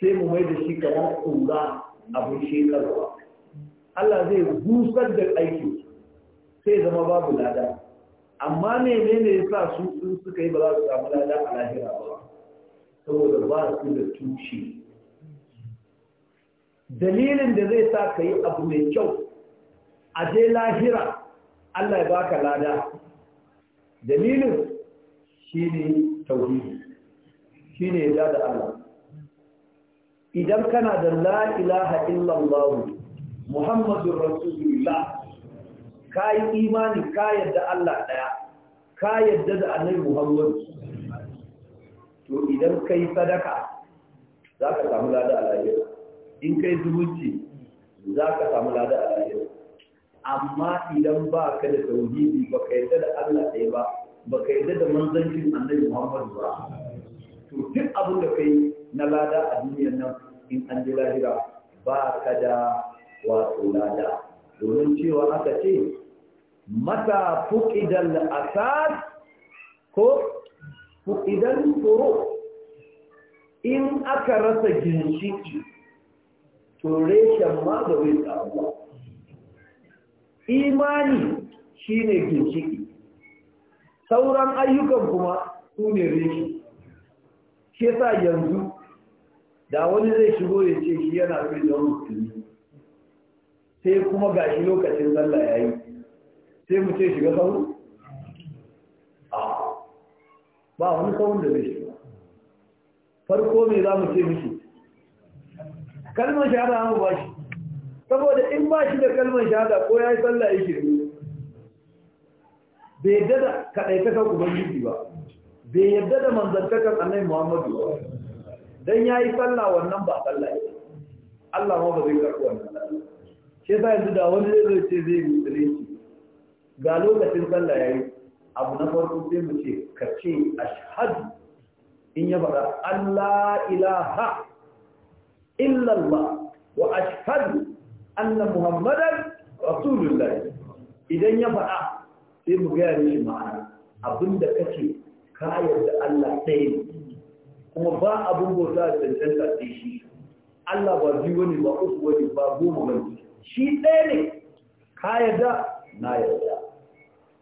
sai mu mai da shi kamar kunga abin shekarwa Allah zai busar da aiki sai zama babu lada amma menene yasa su sun suka yi ba za su samu lada a lahira ba saboda ba su da tushe dalilin da zai sa ka yi abu mai kyau a je lahira Allah ya baka lada dalilin shine tauhidi shine yadda da Allah idan kana da la ilaha illallah muhammadur rasulullah kai imani ka yadda Allah daya ka yadda da annabi muhammad to idan kai sadaka zaka samu lada a lahira in kai zumunci zaka samu lada a lahira amma idan ba ka da tauhidi ba ka yarda da Allah ɗaya ba ba ka yarda da manzancin annabi muhammad ba to duk abin da kai na lada a duniyar nan in an ji lahira ba ka da wato lada domin cewa aka ce mata fuqidan asas ko fuqidan furu in aka rasa ginshiki to reshen ma ba zai samu ba imani shine ginshiki sauran ayyukan kuma su ne reshi Ke sa yanzu da wani zai shigo ya ce shi yana so da musulmi sai kuma gashi lokacin ya yi, sai mu ce shiga sauru ba wani sauru da zai shiga farko me za mu ce mishi kalmar shahada mu ba shi saboda in ba shi da kalmar shahada ko ya yi sallah ya shirme bai yadda da kaɗaitakan ubangiji ba bai yadda da manzantakan annai muhammadu ba don ya yi sallah wannan ba sallah ya Allah ma ba zai karɓi wannan shi yasa yanzu da wani zai zai ce zai yi shi ga lokacin sallah ya yi abu na farko sai mu ce ka ce ashhadu in ya faɗa Allah ilaha illallah wa ashhadu anna muhammadan rasulullahi idan ya faɗa sai mu gaya mishi ma'ana abinda kake ka yarda Allah ɗaya ne kuma ba abin bauta da cancanta sai shi Allah ba biyu wani ba uku wani ba goma wani shi ɗaya ne ka na yarda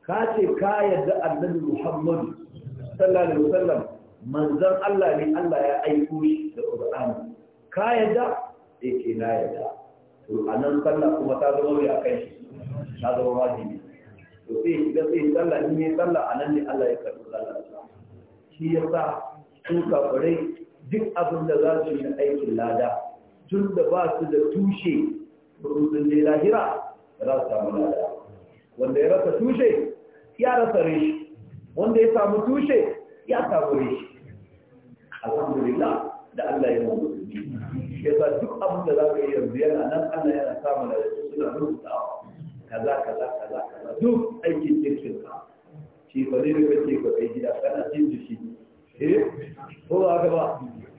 ka ce ka yarda annabi muhammadu sallallahu alaihi wasallam manzon Allah ne Allah ya aiko shi da Qur'ani ka yarda yake eh, na yarda to sallah kuma ta zama wuya a kai shi ta zama wajibi to sai shiga sai sallah in yi sallah a nan ne Allah ya karɓi sallah shi ya sa su kafirai duk abin da za su yi aikin lada tun da ba su da tushe rutsun je lahira za su samu lada wanda ya rasa tushe ya rasa reshi wanda ya samu tushe ya samu reshi alhamdulillah da Allah ya mamu musulmi ya duk abin da za ka yi yanzu yana nan Allah yana samu da su suna rubutawa kaza kaza kaza kaza duk aikin kirkin ka shi ba ne da ce ka kai gida kana jin da shi eh ko ba ka ba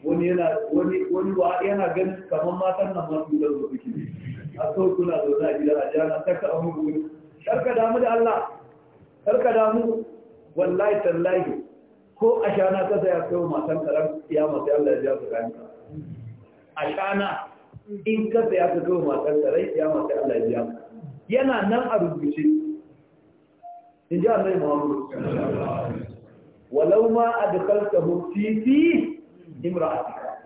wani yana wani wani ba yana ganin kamar matan nan ma su da su kike a so kuna zo na gida a jana saka abubuwa. mugu karka damu da Allah karka damu wallahi tallahi ko a shana ta saya kai matan karan ya mata Allah ya su kayan ka a shana in ka saya ka kai matan karan ya mata Allah ya yana nan a rubuce in ji Allah Muhammad walau ma adkaltahu fi fi imra'atika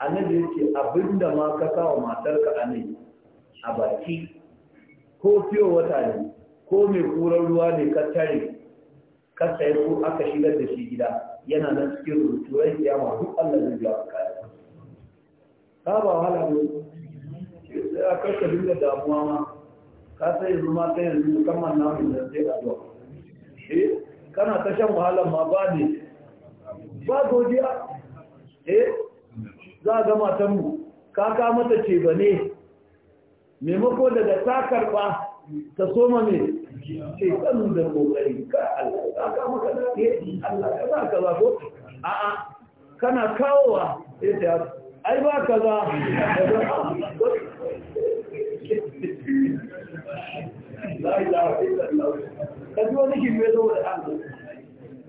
annabi yake abinda ma ka sa wa matarka a nan a baki ko fiyo wata ne ko mai kurar ruwa ne ka tare kasa ya so aka shigar da shi gida yana nan cikin rubutu ran kiyama duk Allah zai biya ka kaya ka ba wahala ne sai a kasa dinga damuwa ma ka sai yanzu ma kai yanzu musamman na mu da da zuwa. eh kana ta shan wahalar ma ba ne ba godiya eh za ga mu. ka ka mata ce ba ne maimako daga ta karba ta soma ne ce kanu da kokari ka Allah ka ka ka za ka za ko a'a kana kawowa sai ta ai ba ka za la ilaha ba? wani kimbe zo da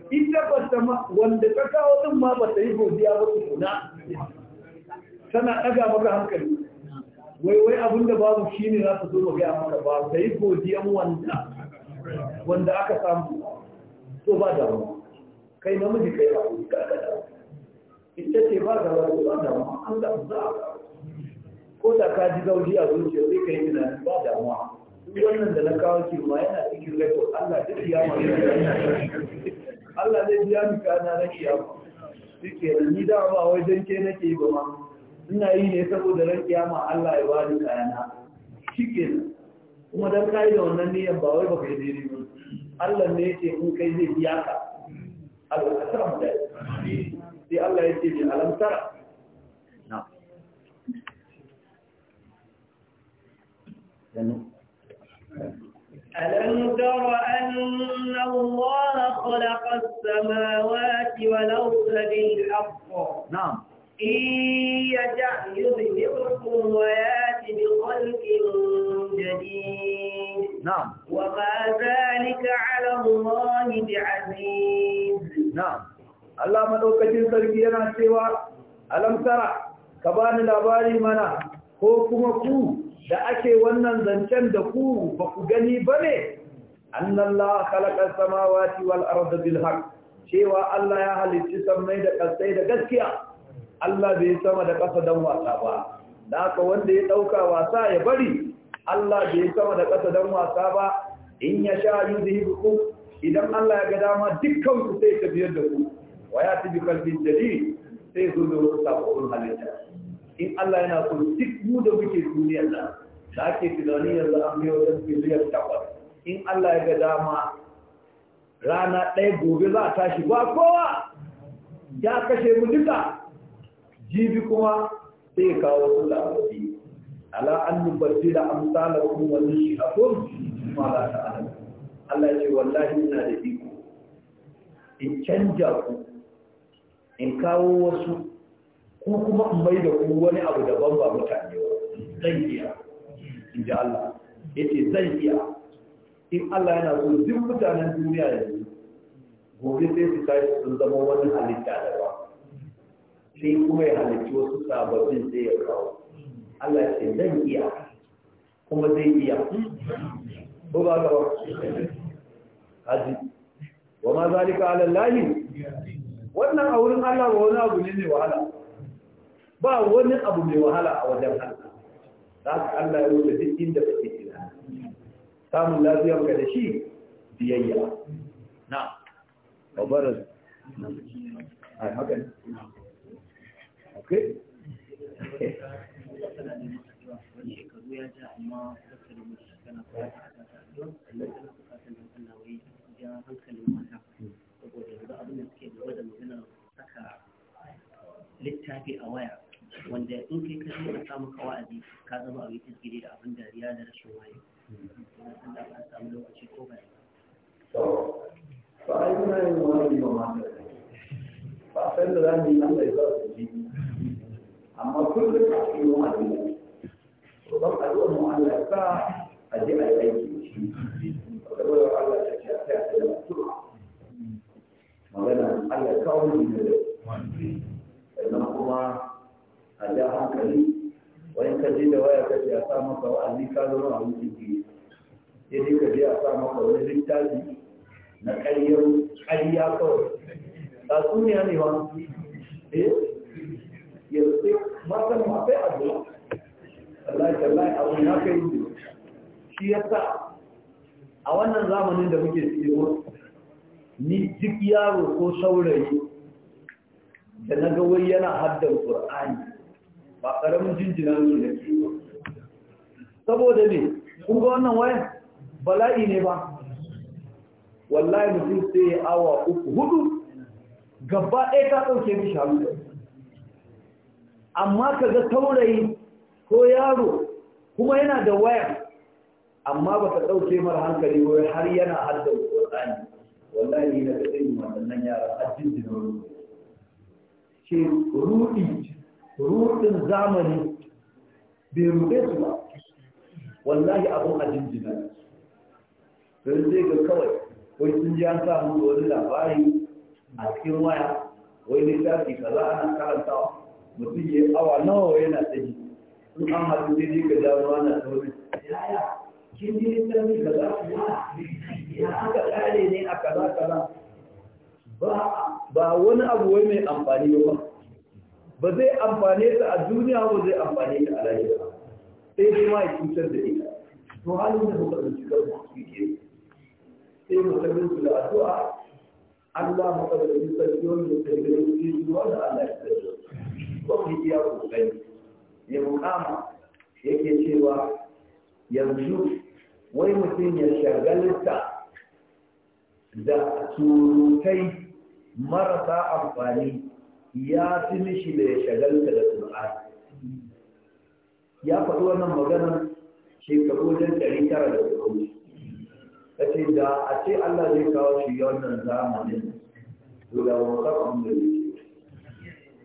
ita ba ta wanda ta kawo ɗin ma ba ta yi godiya ba tukuna tana daga maka hankali wai wai abin da babu shi ne za su zo magaya maka ba ka yi godiyan wanda wanda aka samu to ba da kai namiji kai ba ka aka ita ce ba da wani ba da an da za a ko da ka ji gauji a zuciya sai kai yi ba damuwa duk wannan da na kawo ki ma yana cikin rekod Allah duk ya ma Allah zai biya mika na na ba shi ke ni da ba wai don ke nake ba ma ina yi ne saboda ran kiyama Allah ya bani kayana shike kuma dan kai da wannan niyyar ba wai baka yi daidai ba Allah ne yake in kai zai biya ka al-kasram da sai Allah yake bi alam tara na ألم تر أن الله خلق السماوات والأرض بالحق نعم إن يشأ يذهبكم ويأتي بخلق جديد نعم وما ذلك على الله بعزيز نعم الله مدوكتين سرقينا سوى ألم ترى كبان الأباري منا ko kuma ku da ake wannan zancen da ku ba ku gani ba ne annallaha khalaqa samawati wal arda bil haqq cewa Allah ya halicci sammai da kasai da gaskiya Allah bai sama da ƙasa don wasa ba da aka wanda ya ɗauka wasa ya bari Allah bai sama da ƙasa don wasa ba in ya sha yi yuzhibukum idan Allah ya ga dama dukkan ku sai ka biyar da ku wa ya tibi kalbin jari sai zo da wasu sabon halitta in Allah yana so duk mu da muke duniyar nan da ake tunani yanzu an biyo wajen biliyar takwas in Allah ya ga dama rana ɗaya gobe za a tashi ba kowa ya kashe mu duka jibi kuma sai ya kawo wasu labari ala an barci da amsala kuma wani shi a kun ma la ta'ala Allah ya ce wallahi ina da iko in canja ku in kawo wasu ko kuma in mai da ku wani abu daban ba mutane ba zan iya in ji Allah yace zan iya in Allah yana so duk mutanen duniya yanzu gobe sai su kai sun zama wani halitta da ba sai kuma ya halarci wasu sababbin sai ya kawo Allah ce zan iya kuma zai iya ba ba Ka wa ma zalika ala lahi wannan a wurin Allah ba wani abu ne mai wahala ba wani abu mai wahala a wajen Allah za ka Allah ya wuce duk inda kake tunani samun lafiyar ka da shi biyayya na babarar ai haka ne اوكي littafi a waya wanda in kai ka zo a samu kawa'azi ka zama abin tasiri da abin dariya da rashin waye na san da an samu lokaci ko ba ba a yi kuna yin wani ba ma ba a san da za mu yi an da ya sa su ji amma kullum a cikin yau ne to don a zuwa mu Allah sa a je a yi aiki shi saboda Allah ta ce a kai a kai da mutuwa magana Allah kawo ne da sannan kuma a ja hankali wani ka je da waya ka ce a sa maka wa'azi ka zama abin ciki sai dai ka je a sa maka wani littafi na ƙaryar ƙarya kawai ba su ne ne ba eh yanzu sai matan ma sai addu'a wallahi wallahi abu na kai ne shi yasa a wannan zamanin da muke cikin ni duk yaro ko saurayi da na ga wai yana haddan Qur'ani ba karamin jinjinan su ne saboda me kun ga wannan wayan bala'i ne ba wallahi mutum sai awa uku hudu gaba ɗaya ka ɗauke mishi hankali amma ka ga saurayi ko yaro kuma yana da waya amma ba ka ɗauke mara hankali wai har yana hadda ƙorani wallahi na da irin waɗannan yara a jinjina wani. ce ruɗi ruɗin zamani bai ruɗe su ba wallahi abin a jinjina don zai ga kawai wai sun ji an samu wani labari a cikin waya wai littafi kaza ana karantawa mutum ya yi awa nawa yana tsaji in an haɗu sai dai ka jawo na saurin yaya kin je sami ka za ku ya aka kare ne a kaza kaza ba wani abu wai mai amfani ba ba zai amfani ta a duniya ba zai amfani ta a rayuwa sai dai ma ya cutar da ita to halin da muka ɗauki kan su ke sai mu tabin su da addu'a Allah maka da sarki wanda ta gare su da Allah ya tsare wani iya kokari ya mukama yake cewa yanzu wai mutum ya shagalta da surutai marasa amfani ya fi mishi da ya shagalta da Qur'ani ya faɗi wannan magana shekaru wajen ɗari tara da hudu ta ce da a ce Allah zai kawo shi wannan zamanin to da wani kafin da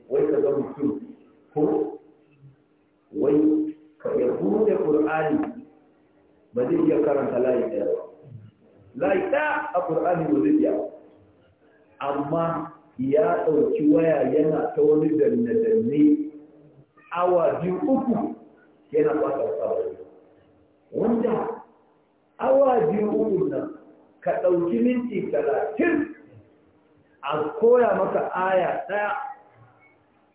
wai ka ga mutum ko wai ka ya bude qur'ani ba zai iya karanta layi ɗaya ba layi ɗaya a qur'ani ba zai iya amma ya ɗauki waya yana ta wani danne-danne awa biyu uku yana ɓata tsawari wanda awa biyu uku nan ka ɗauki minti talatin a koya maka aya ɗaya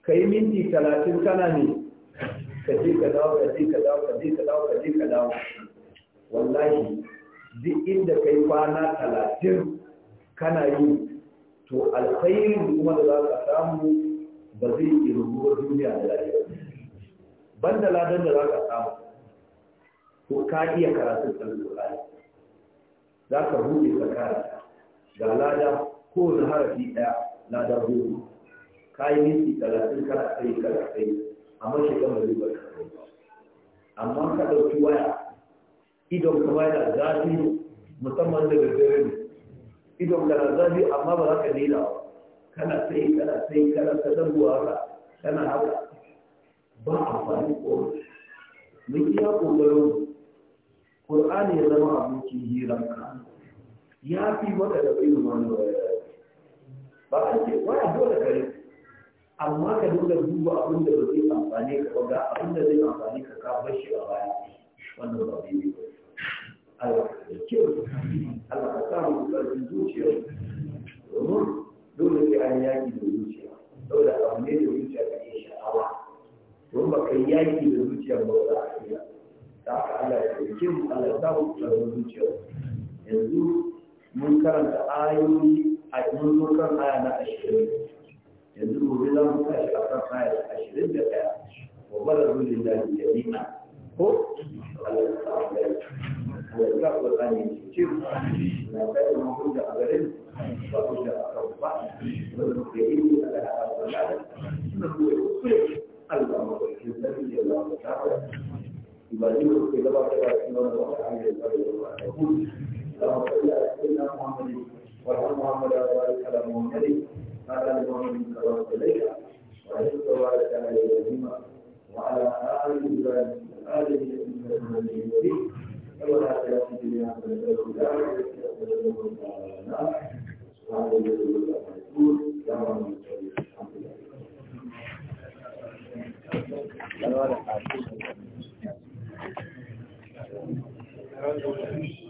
ka yi minti talatin kana ne ka je ka dawo ka je ka dawo ka je ka dawo ka je ka dawo wallahi duk inda kai kwana talatin kana yi to alkhairin kuma da za ka samu ba zai yi rubuwa duniya da lafiya banda ladan da za ka samu ko ka iya karatun alkur'ani za ka buɗe ka ga lada kowane harafi ɗaya lada goma ka yi minti talatin kana kai kana kai amma shi kan zai bar ba. amma ka ɗauki waya Idan ka da zafi musamman daga dare ne ka na zafi amma ba za ka nila ba kana sai kana sai kana ta dabuwa ka kana haka ba amfani ko mu iya kokarin Qur'ani ya zama abokin hiranka ya fi maka da irin wani ba a ce waya dole ka rike amma ka dinga duba abin da ba zai amfani ka ga abin da zai amfani ka ka bar shi a baya wannan ba zai yi ba kyau Allah ka sa mu karfin zuciya domin dole sai an yaki da zuciya saboda abu ne da zuciya ka yi sha'awa don ba kai yaki da zuciya ba za a yi da haka Allah ya kyauke mu Allah ya sa mu karfin zuciya yanzu mun karanta ayoyi a mun zo kan aya na ashirin يدعو الى مكاش اقرب مائل عشرين بقياش وبلغوا لله اليديمة وقال الله عليه وسلم: "إنما أنت هذا المؤمن تبارك إليها وعليك تبارك على إبراهيم وعلى آل إبراهيم آله إنك حميد مجيد كما آتيت في هذا البلد ذلك يقبله تعالى لنا سبحانه وتعالى يقول يا رب الحمد لله